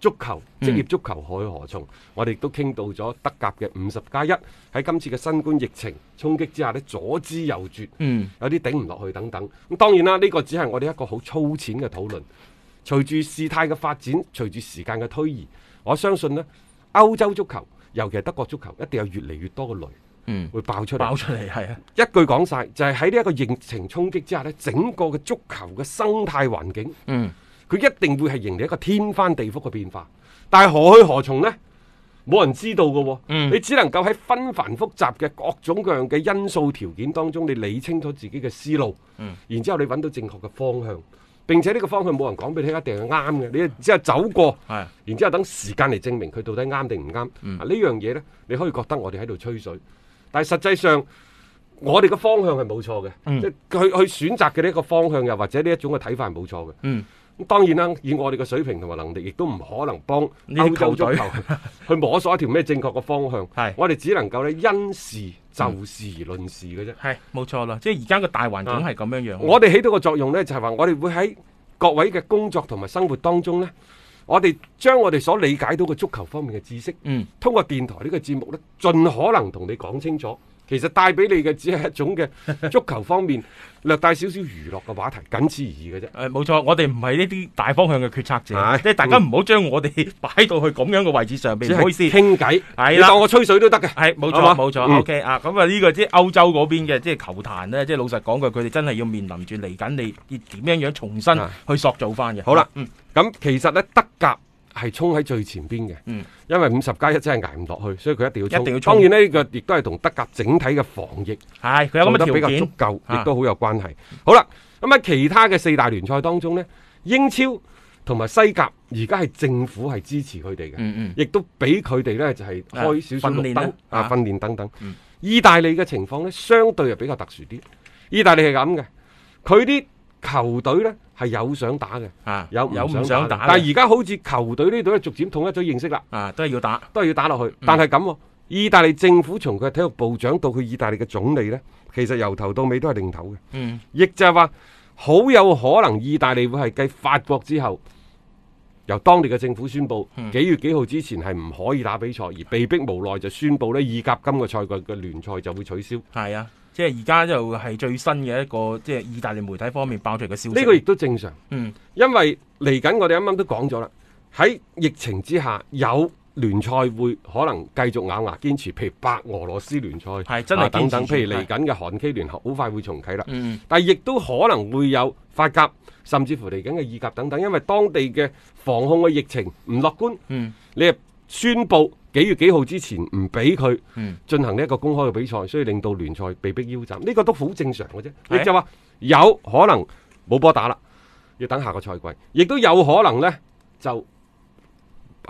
足球，職業足球何去何從，嗯？我哋都傾到咗德甲嘅五十加一，喺今次嘅新冠疫情衝擊之下咧，左支右絀，嗯、有啲頂唔落去等等。咁當然啦，呢個只係我哋一個好粗淺嘅討論。隨住事態嘅發展，隨住時間嘅推移，我相信咧，歐洲足球，尤其係德國足球，一定有越嚟越多嘅雷，嗯，會爆出嚟，爆出嚟，係啊，一句講晒，就係喺呢一個疫情衝擊之下咧，整個嘅足球嘅生態環境，嗯。佢一定會係迎嚟一個天翻地覆嘅變化，但係何去何從呢？冇人知道嘅、哦嗯。你只能夠喺紛繁複雜嘅各種各樣嘅因素條件當中，你理清楚自己嘅思路。嗯、然之後你揾到正確嘅方向，並且呢個方向冇人講俾你聽，一定係啱嘅。你只係走過，然之後等時間嚟證明佢到底啱定唔啱。呢樣嘢呢，你可以覺得我哋喺度吹水，但係實際上我哋嘅方向係冇錯嘅。嗯，即去去選擇嘅呢個方向又或者呢一種嘅睇法係冇錯嘅。嗯。當然啦，以我哋嘅水平同埋能力，亦都唔可能幫歐洲足球，去，球去摸索一條咩正確嘅方向。係， 我哋只能夠咧因事就事而論事嘅啫。係、嗯，冇錯啦。即係而家嘅大環境係咁樣樣、嗯。我哋起到嘅作用呢，就係、是、話我哋會喺各位嘅工作同埋生活當中呢，我哋將我哋所理解到嘅足球方面嘅知識，嗯，通過電台呢個節目呢，儘可能同你講清楚。其實帶俾你嘅只係一種嘅足球方面 略帶少少娛樂嘅話題，僅此而，而已嘅啫。誒、啊，冇錯，我哋唔係呢啲大方向嘅決策者，啊、即大家唔好將我哋擺到去咁樣嘅位置上面。唔、嗯、唔好意思。傾偈係當我吹水都得嘅。係、啊、冇、啊、錯，冇錯、嗯。OK 啊，咁啊呢個即係歐洲嗰邊嘅即係球壇咧，即、就、係、是、老實講句，佢哋真係要面臨住嚟緊，你要點樣樣重新去塑造翻嘅、啊啊。好啦，嗯，咁其實咧德甲。係衝喺最前邊嘅、嗯，因為五十加一真係挨唔落去，所以佢一定要衝。當然呢個亦都係同德甲整體嘅防疫係做得比較足夠，亦、啊、都好有關係。好啦，咁喺其他嘅四大聯賽當中呢，英超同埋西甲而家係政府係支持佢哋嘅，嗯嗯，亦都俾佢哋呢就係、是、開少少綠燈啊，訓練等等、嗯。意大利嘅情況呢，相對係比較特殊啲。意大利係咁嘅，佢啲。球隊呢係有想打嘅、啊，有有想打，唔想打。但係而家好似球隊呢度咧，逐漸統一咗認識啦。啊，都係要打，都係要打落去。嗯、但係咁，意大利政府從佢體育部長到佢意大利嘅總理呢，其實由頭到尾都係定頭嘅。嗯，亦就係話好有可能意大利會係繼法國之後，由當地嘅政府宣布幾月幾號之前係唔可以打比賽，嗯、而被逼無奈就宣布呢意甲今個賽季嘅聯賽就會取消。係啊。即係而家就係最新嘅一個，即係意大利媒體方面爆出嚟嘅消息。呢個亦都正常，嗯，因為嚟緊我哋啱啱都講咗啦，喺疫情之下有聯賽會可能繼續咬牙堅持，譬如白俄羅斯聯賽，係真係等等，譬如嚟緊嘅韓 K 聯合好快會重啟啦，嗯，但係亦都可能會有法甲，甚至乎嚟緊嘅意甲等等，因為當地嘅防控嘅疫情唔樂觀，嗯，你係宣布。幾月幾號之前唔俾佢進行呢一個公開嘅比賽，所以令到聯賽被迫腰斬，呢個都好正常嘅啫。你就話有可能冇波打啦，要等下個賽季，亦都有可能呢。就。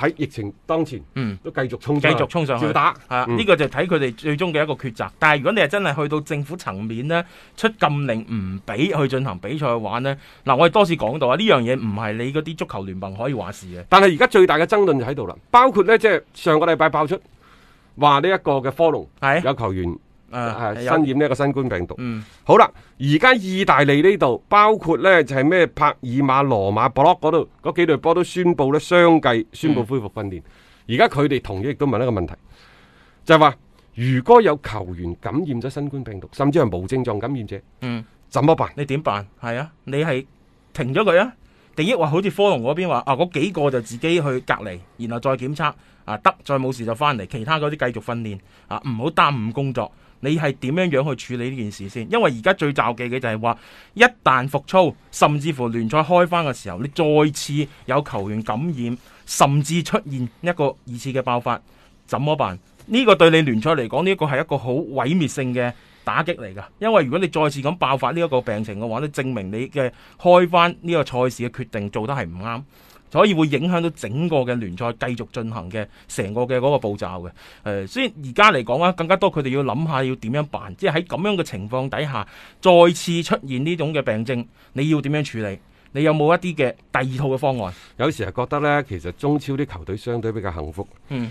喺疫情當前，嗯，都繼續衝，繼、嗯、續衝上去，照打，嚇、啊、呢、嗯、呢個就睇佢哋最終嘅一個抉擇。但係如果你係真係去到政府層面咧，出禁令唔俾去進行比賽嘅話咧，嗱、啊，我哋多次講到啊，呢樣嘢唔係你嗰啲足球聯盟可以話事嘅。但係而家最大嘅爭論就喺度啦，包括咧即係上個禮拜爆出話呢一個嘅科隆有球員。誒、啊，係感、啊、染呢一個新冠病毒。嗯，好啦，而家意大利呢度包括咧就係、是、咩？帕爾馬、羅馬、博洛嗰度嗰幾隊波都宣布咧相繼宣布恢復訓練。而家佢哋同樣亦都問一個問題，就係、是、話如果有球員感染咗新冠病毒，甚至係無症狀感染者，嗯，怎麼辦？你點辦？係啊，你係停咗佢啊？定抑或好似科隆嗰邊話啊？嗰幾個就自己去隔離，然後再檢測啊，得再冇事就翻嚟，其他嗰啲繼續訓練啊，唔好耽誤工作。你係點樣樣去處理呢件事先？因為而家最詐忌嘅就係話，一旦復操，甚至乎聯賽開翻嘅時候，你再次有球員感染，甚至出現一個二次嘅爆發，怎麼辦？呢、這個對你聯賽嚟講，呢、這個係一個好毀滅性嘅打擊嚟噶。因為如果你再次咁爆發呢一個病情嘅話咧，你證明你嘅開翻呢個賽事嘅決定做得係唔啱。所以會影響到整個嘅聯賽繼續進行嘅成個嘅嗰個步驟嘅。誒，所以而家嚟講啊，更加多佢哋要諗下要點樣辦，即係喺咁樣嘅情況底下，再次出現呢種嘅病症，你要點樣處理？你有冇一啲嘅第二套嘅方案？有時係覺得呢，其實中超啲球隊相對比較幸福。嗯，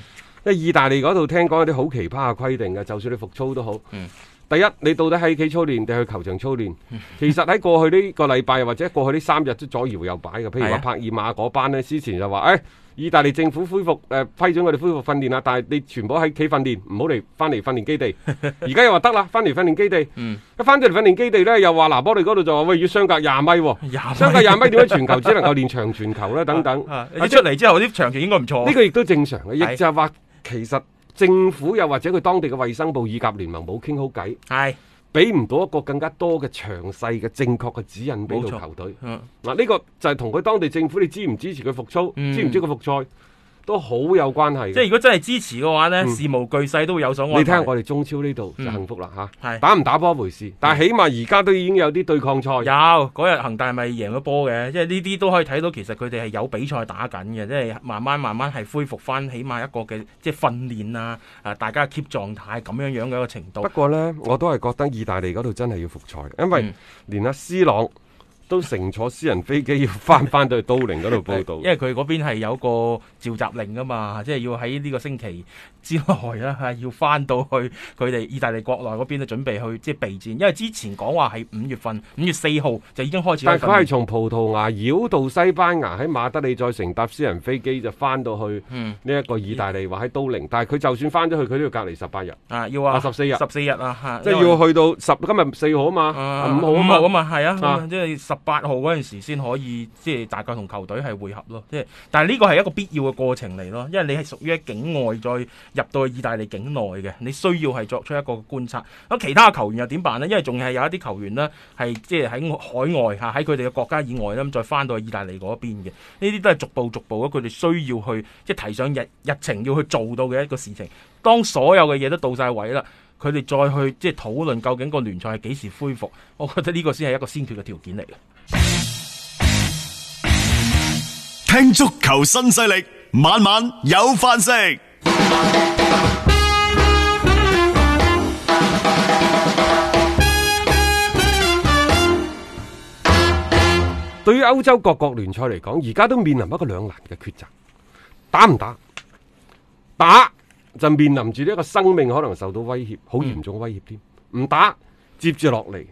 因為意大利嗰度聽講有啲好奇葩嘅規定嘅，就算你復操都好。嗯。第一，你到底喺企操練定去球場操練？其實喺過去呢個禮拜或者過去呢三日都左搖右擺嘅。譬如話帕爾馬嗰班呢，之前就話：誒、哎，意大利政府恢復誒、呃、批准我哋恢復訓練啦。但係你全部喺企訓練，唔好嚟翻嚟訓練基地。而家又話得啦，翻嚟訓練基地。一翻到嚟訓練基地呢，又話拿波利嗰度就話：喂，要相隔廿米，哦，相隔廿米，點解傳球？只能夠練長傳球呢？ 」等等。你、啊啊、出嚟之後啲長傳應該唔錯。呢、這個亦都正常嘅，亦就係話其實。政府又或者佢當地嘅衛生部以及聯盟冇傾好計，係俾唔到一個更加多嘅詳細嘅正確嘅指引俾到球隊。嗱，呢、嗯啊呢個就係同佢當地政府，你支唔支持佢復操，支唔支持佢復賽？都好有關係，即係如果真係支持嘅話呢、嗯、事無巨細都有所謂。你睇我哋中超呢度就幸福啦嚇、嗯啊，打唔打波一回事，嗯、但係起碼而家都已經有啲對抗賽。有嗰日恒大咪贏咗波嘅，即係呢啲都可以睇到其實佢哋係有比賽打緊嘅，即係慢慢慢慢係恢復翻，起碼一個嘅即係訓練啊，啊、呃、大家 keep 狀態咁樣樣嘅一個程度。不過呢，我都係覺得意大利嗰度真係要復賽，因為連阿 C 朗，嗯都乘坐私人飛機要翻翻到去都靈嗰度報道， 因為佢嗰邊係有個召集令噶嘛，即係要喺呢個星期之內啦、啊，要翻到去佢哋意大利國內嗰邊咧，準備去即係備戰。因為之前講話係五月份，五月四號就已經開始。但係佢係從葡萄牙繞到西班牙，喺馬德里再乘搭私人飛機就翻到去呢一個意大利，話喺都靈。但係佢就算翻咗去，佢都要隔離十八日。啊，要啊，十、啊、四日十四日啊，即係要去到十今日四號啊嘛，五號啊嘛，係啊，即係、啊啊、十。八號嗰陣時先可以即係大家同球隊係會合咯，即係但係呢個係一個必要嘅過程嚟咯，因為你係屬於喺境外再入到去意大利境內嘅，你需要係作出一個觀察。咁其他球員又點辦呢？因為仲係有一啲球員呢係即係喺海外嚇，喺佢哋嘅國家以外咁再翻到去意大利嗰邊嘅，呢啲都係逐步逐步佢哋需要去即係提上日日程要去做到嘅一個事情。當所有嘅嘢都到晒位啦。佢哋再去即係討論究竟個聯賽係幾時恢復？我覺得呢個先係一個先決嘅條件嚟嘅。聽足球新勢力，晚晚有飯食。對於歐洲各國聯賽嚟講，而家都面臨一個兩難嘅抉擇。打唔打？打。就面臨住呢個生命可能受到威脅，好嚴重威脅添。唔、嗯、打，接住落嚟，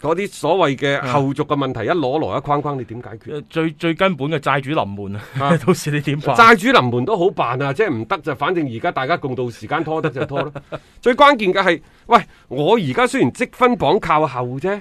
嗰啲所謂嘅後續嘅問題一攞來一框框，你點解決？嗯、最最根本嘅債主臨門啊！到時你點辦？債主臨門都好辦啊，即係唔得就反正而家大家共度時間，拖得就拖咯。 最關鍵嘅係，喂，我而家雖然積分榜靠後啫，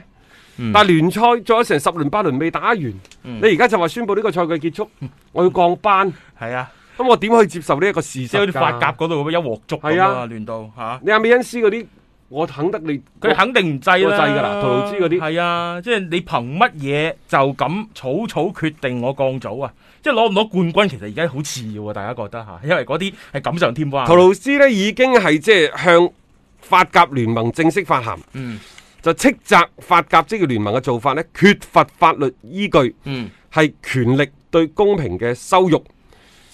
嗯、但係聯賽仲有成十輪八輪未打完，嗯、你而家就話宣布呢個賽季結束，我要降班？係、嗯、啊。咁我點可以接受呢一個事實？有啲法甲嗰度咁樣一鑊捉咁啊，亂、啊、到吓、啊！你阿美恩斯嗰啲，我肯得你，佢肯定唔制啦，制噶啦，陶魯斯嗰啲。係啊，即、就、係、是、你憑乜嘢就咁草草決定我降組啊？即係攞唔攞冠軍，其實而家好次要大家覺得吓、啊，因為嗰啲係錦上添花。陶魯斯呢已經係即係向法甲聯盟正式發函，嗯，就斥責法甲職業聯盟嘅做法呢缺乏法律依據，嗯，係權力對公平嘅羞辱。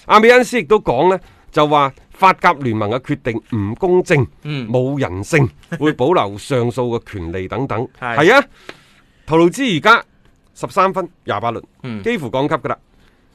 阿米恩斯亦都講咧，就話法甲聯盟嘅決定唔公正，冇、嗯、人性，會保留上訴嘅權利等等。係 啊，圖盧茲而家十三分廿八輪，幾乎降級噶啦。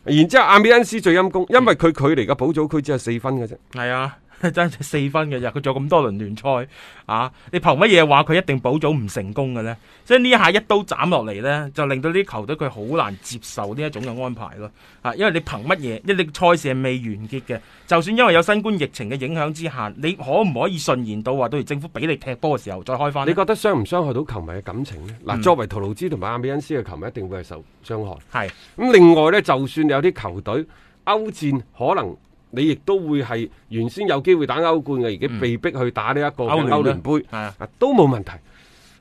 然之後阿米恩斯最陰功，因為佢距離嘅保組區只係四分嘅啫。係啊。真係四分嘅啫，佢做咁多輪聯賽啊！你憑乜嘢話佢一定保組唔成功嘅呢？所以呢下一,一刀斬落嚟呢，就令到啲球隊佢好難接受呢一種嘅安排咯。啊，因為你憑乜嘢？你你賽事係未完結嘅，就算因為有新冠疫情嘅影響之下，你可唔可以順延到話到時政府俾你踢波嘅時候再開翻？你覺得傷唔傷害到球迷嘅感情呢？嗱、嗯，作為圖盧茲同埋阿美恩斯嘅球迷，一定會係受傷害。係咁，另外呢，就算有啲球隊歐戰可能。你亦都會係原先有機會打歐冠嘅，而家被逼去打呢一個歐聯杯，嗯、歐聯啊都冇問題。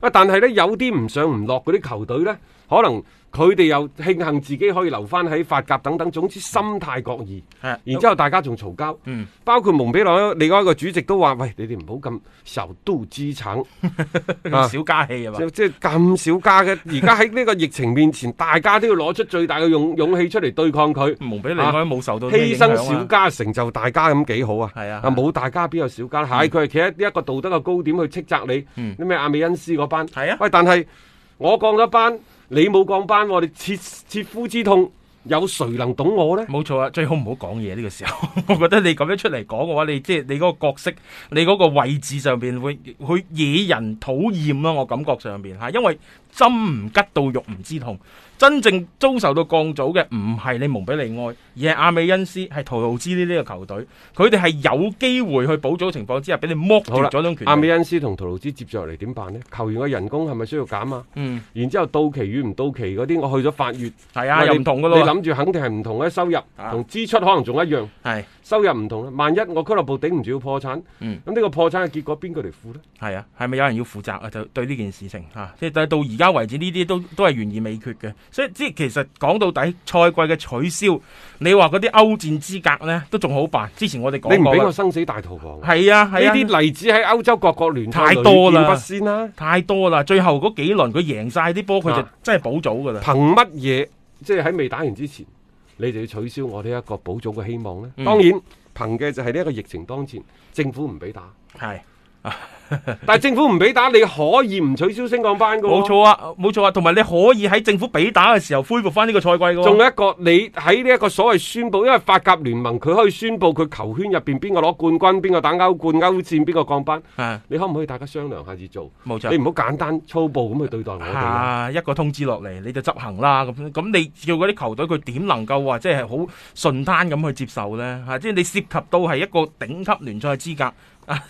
啊，但係呢，有啲唔上唔落嗰啲球隊呢。可能佢哋又慶幸自己可以留返喺法甲等等，總之心態各異。然之後大家仲嘈交。嗯，包括蒙比朗，你嗰個主席都話：喂，你哋唔好咁受都之慘，咁小家氣啊嘛！即係咁小家嘅，而家喺呢個疫情面前，大家都要攞出最大嘅勇勇氣出嚟對抗佢。蒙比朗冇受到犧、啊、牲，小家成就大家咁幾好啊！係啊，冇大家邊有小家？唉、嗯，佢係企喺呢一個道德嘅高點去斥責你。嗯，啲咩阿美恩斯嗰班係啊？喂，但係我降咗班。你冇降班，我哋切切膚之痛，有誰能懂我咧？冇錯啊，最好唔好講嘢呢個時候，我覺得你咁樣出嚟講嘅話，你即係你嗰個角色，你嗰個位置上邊會會惹人討厭啦，我感覺上邊吓，因為。針唔吉到肉唔知痛，真正遭受到降組嘅唔係你蒙彼利埃，而係阿美恩斯，係圖盧茲呢呢個球隊，佢哋係有機會去補組情況之下，俾你剝掉咗種權好，阿美恩斯同圖盧茲接住落嚟點辦呢？球員嘅人工係咪需要減啊？嗯，然之後到期與唔到期嗰啲，我去咗八月，係啊，又唔同噶，你諗住肯定係唔同嘅收入同支出，可能仲一樣，係、啊、收入唔同。萬一我俱樂部頂唔住要破產，咁、嗯、呢個破產嘅結果邊個嚟負呢？係啊，係咪有人要負責啊？就對呢件事情吓、啊，即係到而家。而家為止呢啲都都係懸而未決嘅，所以即係其實講到底，賽季嘅取消，你話嗰啲歐戰資格呢都仲好辦。之前我哋講過，你唔俾我生死大逃亡係啊，呢啲，啊啊、例子喺歐洲各國聯賽屢見不鮮啦，太多啦，啊。最後嗰幾輪佢贏晒啲波，佢就真係保組噶啦。憑乜嘢？即係喺未打完之前，你就要取消我呢一個保組嘅希望呢？嗯，當然，憑嘅就係呢一個疫情當前，政府唔俾打係。 但係政府唔俾打，你可以唔取消升降班㗎。冇錯啊，冇錯啊，同埋、啊、你可以喺政府俾打嘅時候恢復翻呢個賽季。仲有、啊、一個，你喺呢一個所謂宣布，因為法甲聯盟佢可以宣布佢球圈入邊邊個攞冠軍，邊個打歐冠、歐戰，邊個降班。啊、你可唔可以大家商量下先做？冇錯、啊，你唔好簡單粗暴咁去對待我哋、啊啊。一個通知落嚟，你就執行啦。咁咁，你叫嗰啲球隊佢點能夠話即係好順攤咁去接受呢？即係你涉及到係一個頂級聯賽資格。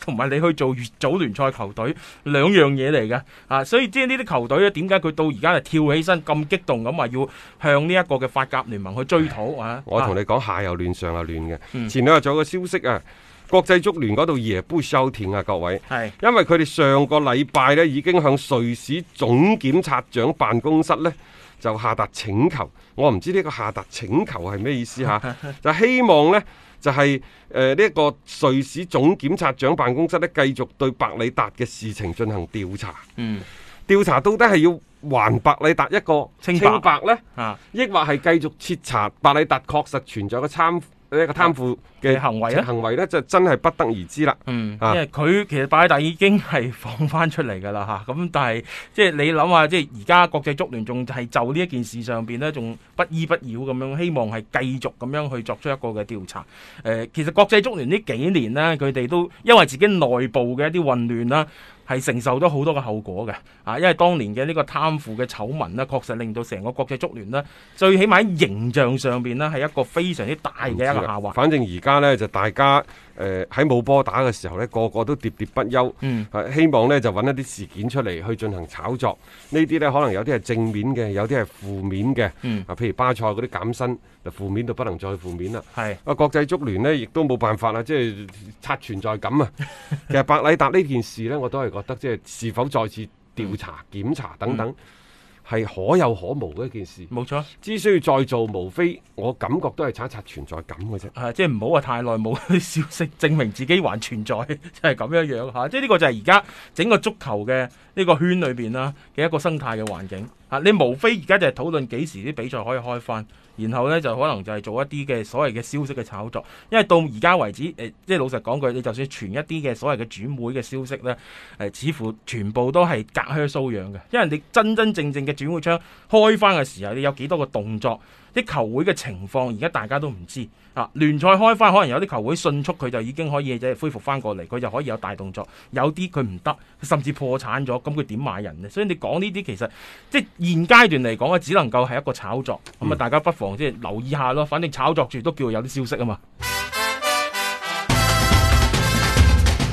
同 埋你去做越組聯賽球隊，兩樣嘢嚟㗎。啊，所以即係呢啲球隊咧，點解佢到而家係跳起身咁激動咁話要向呢一個嘅法甲聯盟去追討啊？我同你講下又亂上又亂嘅、嗯，前兩日仲有個消息啊，國際足聯嗰度夜杯收田啊，各位，係因為佢哋上個禮拜呢已經向瑞士總檢察長辦公室呢就下達請求，我唔知呢個下達請求係咩意思吓， 就希望呢。就係誒呢個瑞士總檢察長辦公室呢，繼續對白里達嘅事情進行調查。嗯，調查到底係要還白里達一個清白呢？白啊，抑或係繼續徹查白里達確實存在個參呢個貪腐？啊，這個貪腐嘅行為啊，行為咧就真係不得而知啦。嗯，啊、因為佢其實拜大已經係放翻出嚟㗎啦吓，咁但係即係你諗下，即係而家國際足聯仲係就呢一件事上邊呢，仲不依不饒咁樣，希望係繼續咁樣去作出一個嘅調查、呃。其實國際足聯呢幾年呢，佢哋都因為自己內部嘅一啲混亂啦，係承受咗好多嘅後果嘅。啊，因為當年嘅呢個貪腐嘅醜聞呢，確實令到成個國際足聯呢，最起碼喺形象上邊呢，係一個非常之大嘅一個下滑。反正而家。咧就大家誒喺冇波打嘅時候咧，個個都喋喋不休、嗯啊，希望咧就揾一啲事件出嚟去進行炒作。這些呢啲咧可能有啲係正面嘅，有啲係負面嘅、嗯。啊，譬如巴塞嗰啲減薪，就負面到不能再負面啦。係啊，國際足聯呢，亦都冇辦法啦，即係刷存在感啊。 其實白禮達呢件事呢，我都係覺得即係、就是、是否再次調查、嗯、檢查等等。嗯嗯係可有可無嘅一件事，冇錯，只需要再做，無非我感覺都係刷一刷存在感嘅啫、啊。即係唔好話太耐冇啲消息，證明自己還存在，就係咁樣樣吓、啊。即係呢個就係而家整個足球嘅呢個圈裏邊啦嘅一個生態嘅環境。你無非而家就係討論幾時啲比賽可以開翻，然後呢，就可能就係做一啲嘅所謂嘅消息嘅炒作，因為到而家為止，呃、即係老實講句，你就算傳一啲嘅所謂嘅轉會嘅消息呢、呃，似乎全部都係隔靴搔癢嘅，因為你真真正正嘅轉會窗開翻嘅時候，你有幾多個動作？啲球會嘅情況而家大家都唔知啊，聯賽開翻可能有啲球會迅速佢就已經可以即係恢復翻過嚟，佢就可以有大動作。有啲佢唔得，甚至破產咗，咁佢點買人呢？所以你講呢啲其實即係現階段嚟講啊，只能夠係一個炒作。咁、嗯、啊，大家不妨即係留意下咯，反正炒作住都叫做有啲消息啊嘛。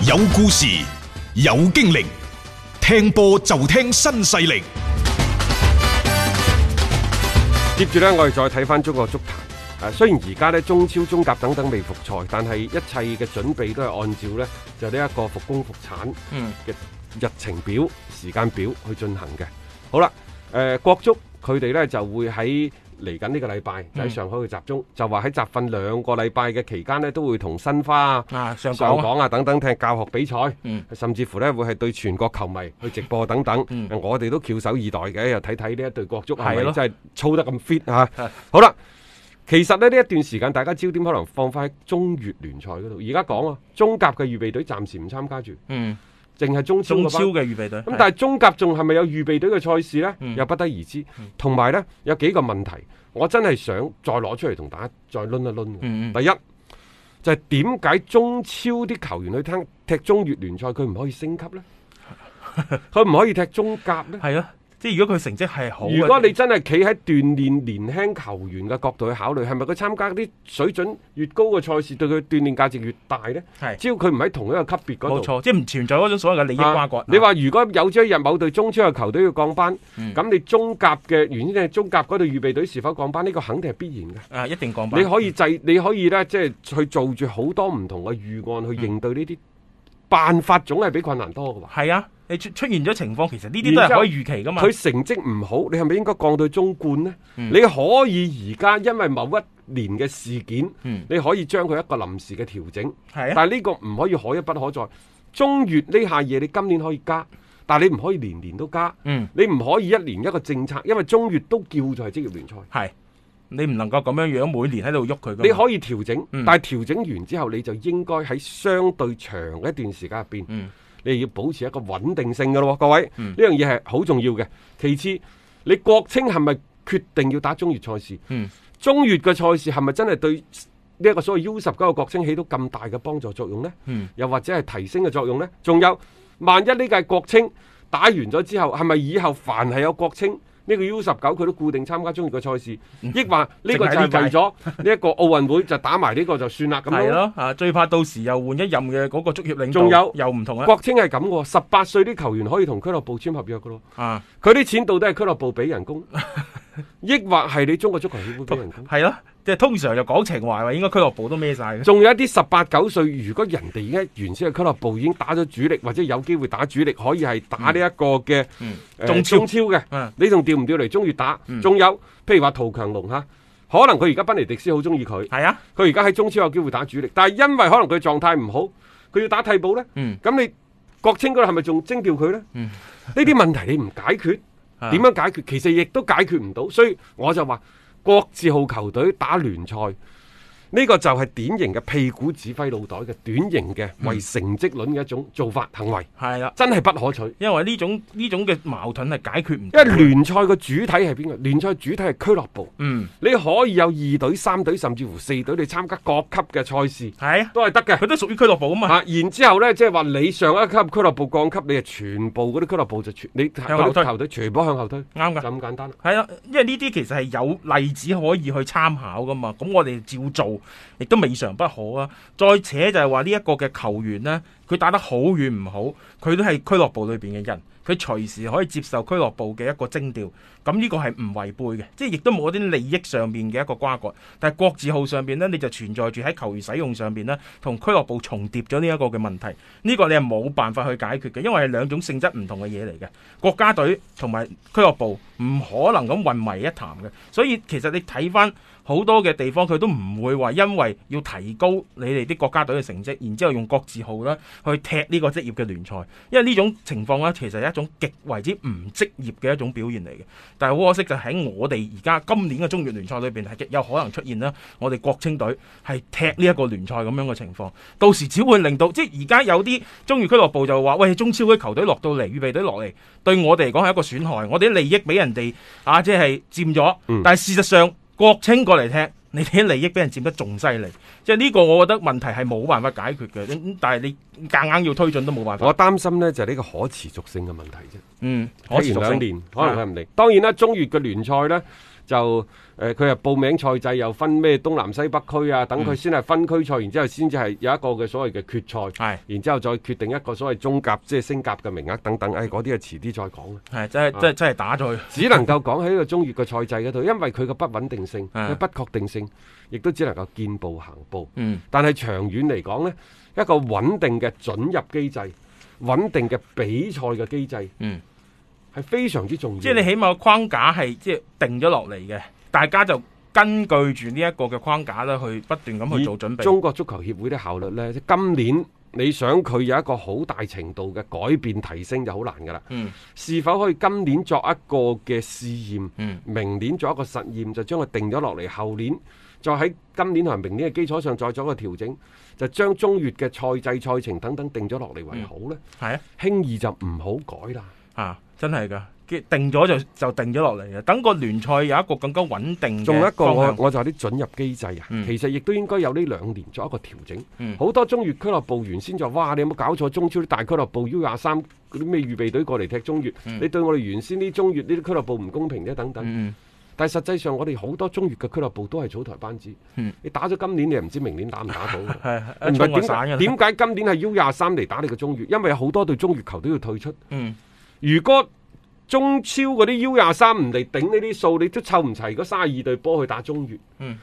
有故事，有精靈，聽波就聽新勢力。接住咧，我哋再睇翻中國足壇誒，雖然而家咧中超、中甲等等未復賽，但係一切嘅準備都係按照咧就呢一個復工復產嘅日程表、嗯、時間表去進行嘅。好啦，誒、呃，國足佢哋咧就會喺。嚟緊呢個禮拜就喺上海嘅集中，就話喺集訓兩個禮拜嘅期間咧，都會同申花啊、上港啊等等踢教學比賽，甚至乎咧會係對全國球迷去直播等等。我哋都翹首以待嘅，又睇睇呢一隊國足係咪真係操得咁 fit 吓？好啦，其實咧呢一段時間，大家焦點可能放翻喺中乙聯賽嗰度。而家講啊，中甲嘅預備隊暫時唔參加住。定係中超嘅預備隊，咁、嗯、但係中甲仲係咪有預備隊嘅賽事呢、嗯？又不得而知。同、嗯、埋呢，有幾個問題，我真係想再攞出嚟同大家再論一論、嗯。第一就係點解中超啲球員去踢踢中乙聯賽，佢唔可以升級呢？佢唔可以踢中甲呢？係啊。即係如果佢成績係好的，如果你真係企喺鍛煉年輕球員嘅角度去考慮，係咪佢參加啲水準越高嘅賽事，對佢鍛煉價值越大咧？係，只要佢唔喺同一個級別嗰度，冇錯，即係唔存在嗰種所謂嘅利益瓜葛。啊、你話、啊、如果有朝一日某隊中超嘅球隊要降班，咁、嗯、你中甲嘅原先係中甲嗰隊預備隊是否降班？呢、呢個肯定係必然嘅、啊。一定降班。你可以制，嗯、你可以咧，即、就、係、是、去做住好多唔同嘅預案去應對呢啲、嗯、辦法，總係比困難多嘅。係啊。你出現現咗情況，其實呢啲都係可以預期噶嘛。佢成績唔好，你係咪應該降到中冠呢、嗯？你可以而家因為某一年嘅事件、嗯，你可以將佢一個臨時嘅調整。啊、但係呢個唔可以可一不可再。中乙呢下嘢，你今年可以加，但你唔可以年年都加。嗯，你唔可以一年一個政策，因為中乙都叫做係職業聯賽。你唔能夠咁樣樣每年喺度喐佢。你可以調整，嗯、但係調整完之後，你就應該喺相對長一段時間入邊。嗯。你要保持一個穩定性嘅咯，各位，呢樣嘢係好重要嘅。其次，你國青係咪決定要打中越賽事？嗯，中越嘅賽事係咪真係對呢一個所謂 U 十九嘅國青起到咁大嘅幫助作用呢？嗯，又或者係提升嘅作用呢？仲有，萬一呢屆國青打完咗之後，係咪以後凡係有國青？呢、這個 U 十九佢都固定參加中意嘅賽事，抑或呢個就除咗呢一個奧運會就打埋呢個就算啦。係 咯，啊，最怕到時又換一任嘅嗰個足協領導。仲有又唔同啊？國青係咁，十八歲啲球員可以同俱樂部簽合約噶咯。啊，佢啲錢到底係俱樂部俾人工，抑或係你中國足球協會俾人工？係 咯。即係通常就講情懷啦，應該俱樂部都咩晒。仲有一啲十八九歲，如果人哋而家原先嘅俱樂部已經打咗主力，或者有機會打主力，可以係打呢一個嘅、嗯嗯呃、中超嘅、嗯。你仲調唔調嚟中意打？仲、嗯、有譬如話陶強龍吓，可能佢而家賓尼迪斯好中意佢，係啊，佢而家喺中超有機會打主力，但係因為可能佢狀態唔好，佢要打替補咧。咁、嗯、你國青嗰度係咪仲徵調佢咧？呢、嗯、啲問題你唔解決，點、嗯、樣解決？其實亦都解決唔到，所以我就話。國字號球隊打聯賽。呢個就係典型嘅屁股指揮腦袋嘅典型嘅為成績論嘅一種做法行為，係、嗯、啦，真係不可取。因為呢種呢種嘅矛盾係解決唔到，因為聯賽嘅主體係邊個？聯賽主體係俱樂部。嗯，你可以有二隊、三隊，甚至乎四隊，你參加各級嘅賽事，係都係得嘅。佢都屬於俱樂部啊嘛。吓，然之後呢即係話你上一級俱樂部降級，你就全部嗰啲俱樂部就全你向後推，後隊全部向後推。啱噶，咁簡單。係啊，因為呢啲其實係有例子可以去參考噶嘛。咁我哋照做。亦都未嘗不可啊！再扯就係話呢一個嘅球員呢，佢打得好與唔好，佢都係俱樂部裏邊嘅人，佢隨時可以接受俱樂部嘅一個徵調，咁呢個係唔違背嘅，即係亦都冇一啲利益上面嘅一個瓜葛。但係國字號上邊呢，你就存在住喺球員使用上邊咧，同俱樂部重疊咗呢一個嘅問題，呢個你係冇辦法去解決嘅，因為係兩種性質唔同嘅嘢嚟嘅，國家隊同埋俱樂部唔可能咁混為一談嘅，所以其實你睇翻。好多嘅地方佢都唔會話因為要提高你哋啲國家隊嘅成績，然之後用國字號啦去踢呢個職業嘅聯賽，因為呢種情況咧，其實係一種極為之唔職業嘅一種表現嚟嘅。但係好可惜就喺我哋而家今年嘅中乙聯賽裏邊係極有可能出現啦，我哋國青隊係踢呢一個聯賽咁樣嘅情況，到時只會令到即係而家有啲中乙俱樂部就話喂，中超嘅球隊落到嚟，預備隊落嚟，對我哋嚟講係一個損害，我哋利益俾人哋啊，即係佔咗。嗯、但係事實上。國青過嚟聽，你啲利益俾人佔得仲犀利，即係呢個我覺得問題係冇辦法解決嘅，但係你夾硬要推進都冇辦法。我擔心呢就係、是、呢個可持續性嘅問題啫。嗯，前兩年可能佢唔嚟，當然啦，中越嘅聯賽呢就誒，佢、呃、係報名賽制，又分咩東南西北區啊，等佢先係分區賽，然之後先至係有一個嘅所謂嘅決賽、嗯，然之後再決定一個所謂中甲，即係升甲嘅名額等等，誒、哎，嗰啲啊，遲啲再講。係，即係即係即係打咗佢。只能夠講喺個中越嘅賽制嗰度，因為佢嘅不穩定性、嗯、不確定性，亦都只能夠見步行步。嗯。但係長遠嚟講呢，一個穩定嘅准入機制、穩定嘅比賽嘅機制，嗯。係非常之重要，即係你起碼框架係即係定咗落嚟嘅，大家就根據住呢一個嘅框架咧，去不斷咁去做準備。中國足球協會的效率呢，今年你想佢有一個好大程度嘅改變提升就好難噶啦。嗯，是否可以今年作一個嘅試驗？明年作一個實驗，就將佢定咗落嚟，後年再喺今年同明年嘅基礎上再做一個調整，就將中越嘅賽制、賽程等等定咗落嚟為好呢？係啊，輕易就唔好改啦。吓！真係噶，定咗就就定咗落嚟嘅。等個聯賽有一個更加穩定，仲有一個我就話啲准入機制啊，嗯、其實亦都應該有呢兩年作一個調整。好、嗯、多中越俱樂部原先就哇，你有冇搞錯？中超啲大俱樂部 U 廿三嗰啲咩預備隊過嚟踢中越？嗯、你對我哋原先啲中越呢啲俱樂部唔公平啫。等等。嗯、但係實際上我哋好多中越嘅俱樂部都係草台班子。嗯、你打咗今年，你又唔知明年打唔打到。唔，點解今年係 U 廿三嚟打你個中越？因為有好多對中越球都要退出。嗯如果中超嗰啲 U 廿三唔嚟頂呢啲數，你都湊唔齊。三十二隊波去打中乙，嗯，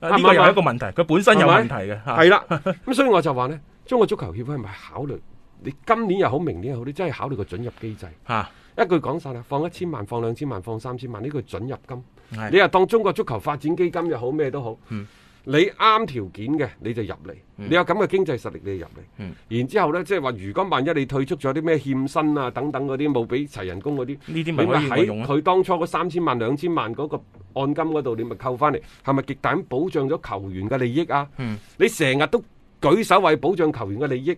呢、這個又係一個問題，佢本身有問題嘅，係啦。咁、 嗯、所以我就話呢，中國足球協會係咪考慮你今年又好，明年又好，你真係考慮個準入機制。吓、啊，一句講晒啦，放一千萬，放兩千萬，放三千萬，呢個準入金，你又當中國足球發展基金又好咩都好。嗯你啱條件嘅你就入嚟，你有咁嘅經濟實力你就入嚟、嗯。然之後呢，即係話，如果萬一你退出咗啲咩欠薪啊等等嗰啲冇俾齊人工嗰啲，呢啲咪喺用、啊？佢當初嗰三千萬兩千萬嗰個按金嗰度，你咪扣翻嚟，係咪極大咁保障咗球員嘅利益啊？嗯、你成日都舉手為保障球員嘅利益。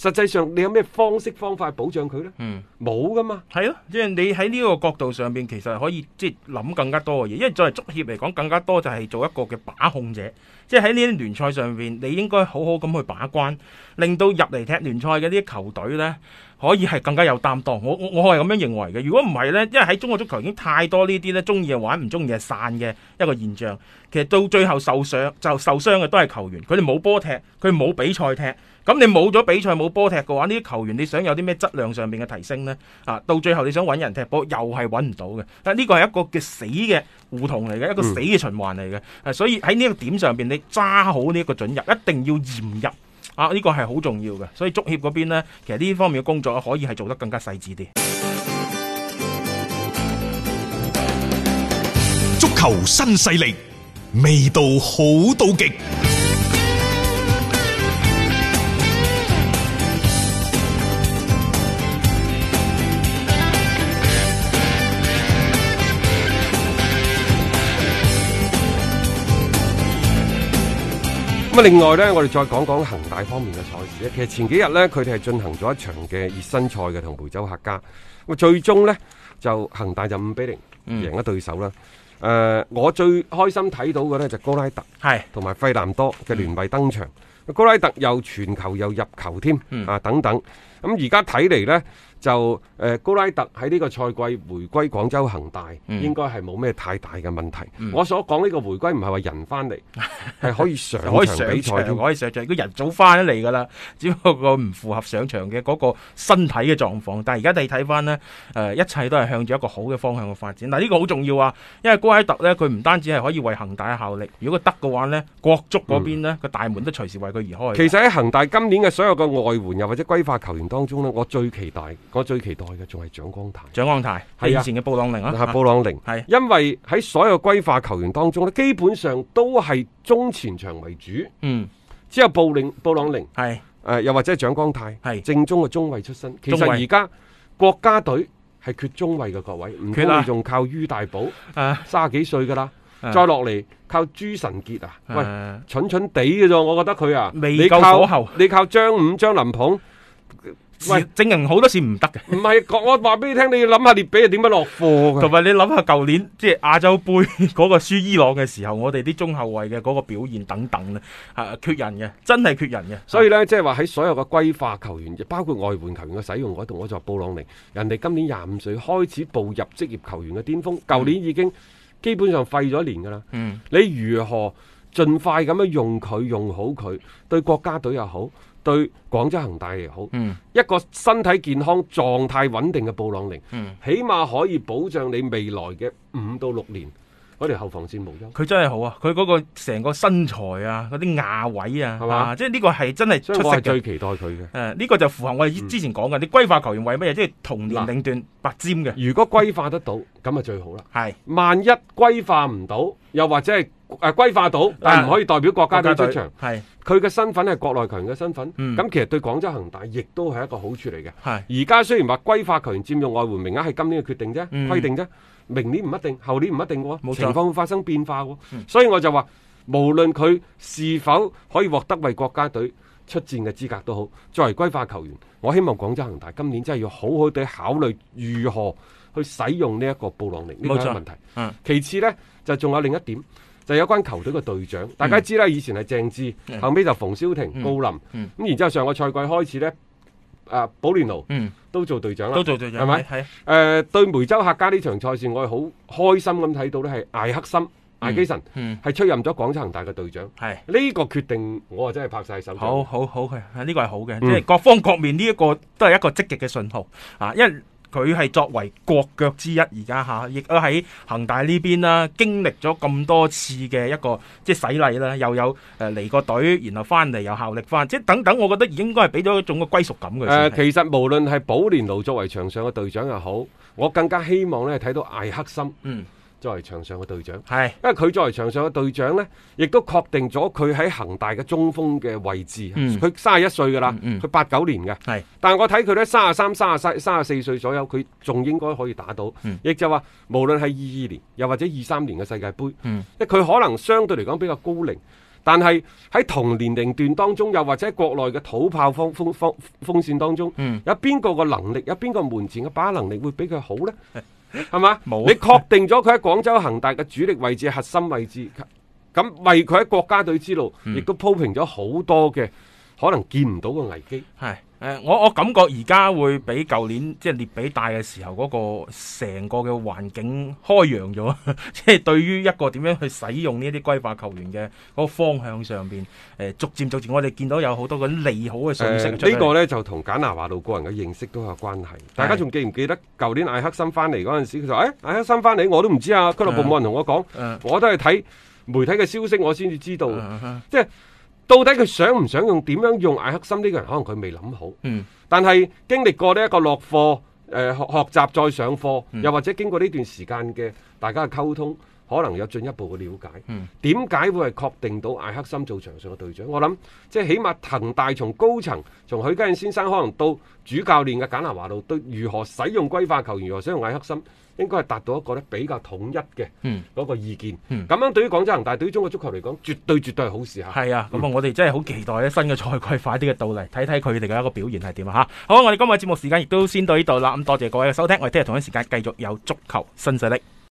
實際上你有咩方式方法保障佢呢？嗯，沒有的、啊，冇噶嘛，係咯，即係你喺呢個角度上邊，其實可以即係諗更加多嘅嘢，因為作為足協嚟講，更加多就係做一個嘅把控者，即係喺呢啲聯賽上邊，你應該好好咁去把關，令到入嚟踢聯賽嘅呢啲球隊呢。可以係更加有擔當，我我我係咁樣認為嘅。如果唔係呢，因為喺中國足球已經太多呢啲咧，中意係玩，唔中意係散嘅一個現象。其實到最後受傷就受傷嘅都係球員，佢哋冇波踢，佢冇比賽踢。咁你冇咗比賽冇波踢嘅話，呢啲球員你想有啲咩質量上面嘅提升呢？啊，到最後你想揾人踢波又係揾唔到嘅。但呢個係一個嘅死嘅胡同嚟嘅，一個死嘅循環嚟嘅、嗯啊。所以喺呢個點上邊，你揸好呢一個準入，一定要嚴入。啊，呢個係好重要嘅，所以足協嗰邊呢，其實呢方面嘅工作可以係做得更加細緻啲。足球新勢力，味道好到極。另外呢，我哋再講講恒大方面嘅賽事。其實前幾日呢，佢哋係進行咗一場嘅熱身賽嘅，同梅州客家。咁最終呢，就恒大就五比零贏咗對手啦。誒、呃，我最開心睇到嘅呢，就高拉特係同埋費南多嘅聯袂登場。高、嗯、拉特又傳球又入球添啊！等等。咁而家睇嚟呢。就誒、呃、高拉特喺呢個賽季回歸廣州恒大、嗯，應該係冇咩太大嘅問題、嗯。我所講呢個回歸唔係話人翻嚟，係 可以上場比賽 可以上場，可以上場，如果人早翻嚟噶啦，只不過個唔符合上場嘅嗰個身體嘅狀況。但係而家你睇翻呢、呃，一切都係向住一個好嘅方向去發展。嗱，呢個好重要啊，因為高拉特呢，佢唔單止係可以為恒大效力，如果得嘅話呢，國足嗰邊呢，個、嗯、大門都隨時為佢而開。其實喺恒大今年嘅所有嘅外援又或者歸化球員當中呢，我最期待。我最期待嘅仲係蔣光太，蔣光太係以前嘅布朗寧啊，係、啊啊、布朗寧，係因為喺所有歸化球員當中咧，基本上都係中前場為主，嗯，只有布朗布朗寧係，誒、呃，又或者係蔣光太係，正宗嘅中衛出身。其實而家國家隊係缺中衛嘅，各位，唔通你仲靠于大寶？誒、啊，卅幾歲噶啦，再落嚟靠朱晨杰啊，啊？喂，蠢蠢地嘅啫，我覺得佢啊，未夠火候。你靠張五張林鵬？喂，整人，好多事唔得嘅。唔係，我我話俾你聽，你要諗下列比係點樣落貨嘅。同埋你諗下舊年即係亞洲杯嗰個輸伊朗嘅時候，我哋啲中後衛嘅嗰個表現等等咧、啊，缺人嘅，真係缺人嘅。所以咧，即係話喺所有嘅歸化球員，包括外援球員嘅使用嗰度，我就布朗寧，人哋今年廿五歲開始步入職業球員嘅巔峰，舊年已經基本上廢咗一年噶啦。嗯，你如何盡快咁樣用佢，用好佢，對國家隊又好。對廣州恆大亦好，嗯，一個身體健康、狀態穩定嘅布朗寧，嗯，起碼可以保障你未來嘅五到六年嗰條後防線無憂。佢真係好啊！佢嗰個成個身材啊，嗰啲亞位啊，係嘛、啊？即係呢個係真係出色，所以我係最期待佢嘅。誒、啊，呢、這個就符合我哋之前講嘅、嗯，你歸化球員為乜嘢？即係同年齡段拔尖嘅、啊，如果歸化得到，咁、嗯、啊最好啦。係，萬一歸化唔到，又或者係誒歸化到，啊、但係唔可以代表國家隊出、啊、場，係。佢嘅身份係國內球員嘅身份，咁、嗯、其實對廣州恒大亦都係一個好處嚟嘅。係而家雖然話歸化球員佔用外援名額係今年嘅決定啫，嗯、規定啫，明年唔一定，後年唔一定嘅，情況會發生變化、嗯。所以我就話，無論佢是否可以獲得為國家隊出戰嘅資格都好，作為歸化球員，我希望廣州恒大今年真係要好好地考慮如何去使用呢一個布朗寧呢個問題、嗯。其次呢，就仲有另一點。就有關球隊嘅隊長，大家知啦，以前係鄭智，嗯、後尾就馮瀟霆、郜林，咁、嗯嗯、然之後上個賽季開始咧，誒、啊，保連奴都做隊長啦，都做隊長，係咪？係誒、呃，對梅州客家呢場賽事，我係好開心咁睇到咧，係艾克森、嗯、艾基臣係、嗯嗯、出任咗廣州恒大嘅隊長，係呢、這個決定，我啊真係拍晒手。好好好嘅，呢、這個係好嘅、嗯，即係各方各面呢一個都係一個積極嘅信號啊，因為。佢係作為國腳之一，而家嚇，亦都喺恒大呢邊啦，經歷咗咁多次嘅一個即係洗禮啦，又有誒離過隊，然後翻嚟又效力翻，即係等等，我覺得應該係俾咗一種嘅歸屬感嘅。誒、呃，其實無論係保連奴作為場上嘅隊長又好，我更加希望咧睇到艾克森。嗯。作為場上嘅隊長，係，因為佢作為場上嘅隊長呢，亦都確定咗佢喺恒大嘅中鋒嘅位置。佢三十一歲噶啦，佢八九年嘅，係。但係我睇佢咧，三十三、三十三、三十四歲左右，佢仲應該可以打到。亦、嗯、就話，無論係二二年，又或者二三年嘅世界杯，咧、嗯、佢可能相對嚟講比較高齡，但係喺同年齡段當中，又或者國內嘅土炮方風風鋒線當中，嗯、有邊個嘅能力，有邊個門前嘅把握能力會比佢好呢？係嘛？你確定咗佢喺廣州恒大嘅主力位置、核心位置，噉為佢喺國家隊之路，亦都鋪平咗好多嘅可能見唔到嘅危機。誒、呃，我我感覺而家會比舊年即係列比大嘅時候嗰個成個嘅環境開揚咗，即係、就是、對於一個點樣去使用呢啲規劃球員嘅個方向上邊，誒、呃，逐漸逐漸，我哋見到有好多嘅利好嘅信息。呃這個、呢個咧就同簡拿華路個人嘅認識都有關係。大家仲記唔記得舊年艾克森翻嚟嗰陣時，佢就誒，艾克森翻嚟我都唔知啊，俱樂部冇人同我講，我都係睇、啊啊啊、媒體嘅消息，我先至知道，啊啊、即係。到底佢想唔想用？點樣用艾克森呢個人？可能佢未諗好。嗯。但係經歷過呢一個落課，誒、呃、學學習再上課，又或者經過呢段時間嘅大家嘅溝通。可能有進一步嘅了解，點解會係確定到艾克森做場上嘅隊長？我諗即係起碼恒大從高層，從許家印先生，可能到主教練嘅簡南華路，對如何使用歸化球員，如何使用艾克森，應該係達到一個咧比較統一嘅嗰個意見。咁、嗯嗯、樣對於廣州恒大，對於中國足球嚟講，絕對絕對係好事嚇。係啊，咁、嗯、啊，我哋真係好期待咧，新嘅賽季快啲嘅到嚟，睇睇佢哋嘅一個表現係點啊！嚇，好，我哋今日嘅節目時間亦都先到呢度啦。咁多謝各位嘅收聽，我哋聽日同一時間繼續有足球新勢力。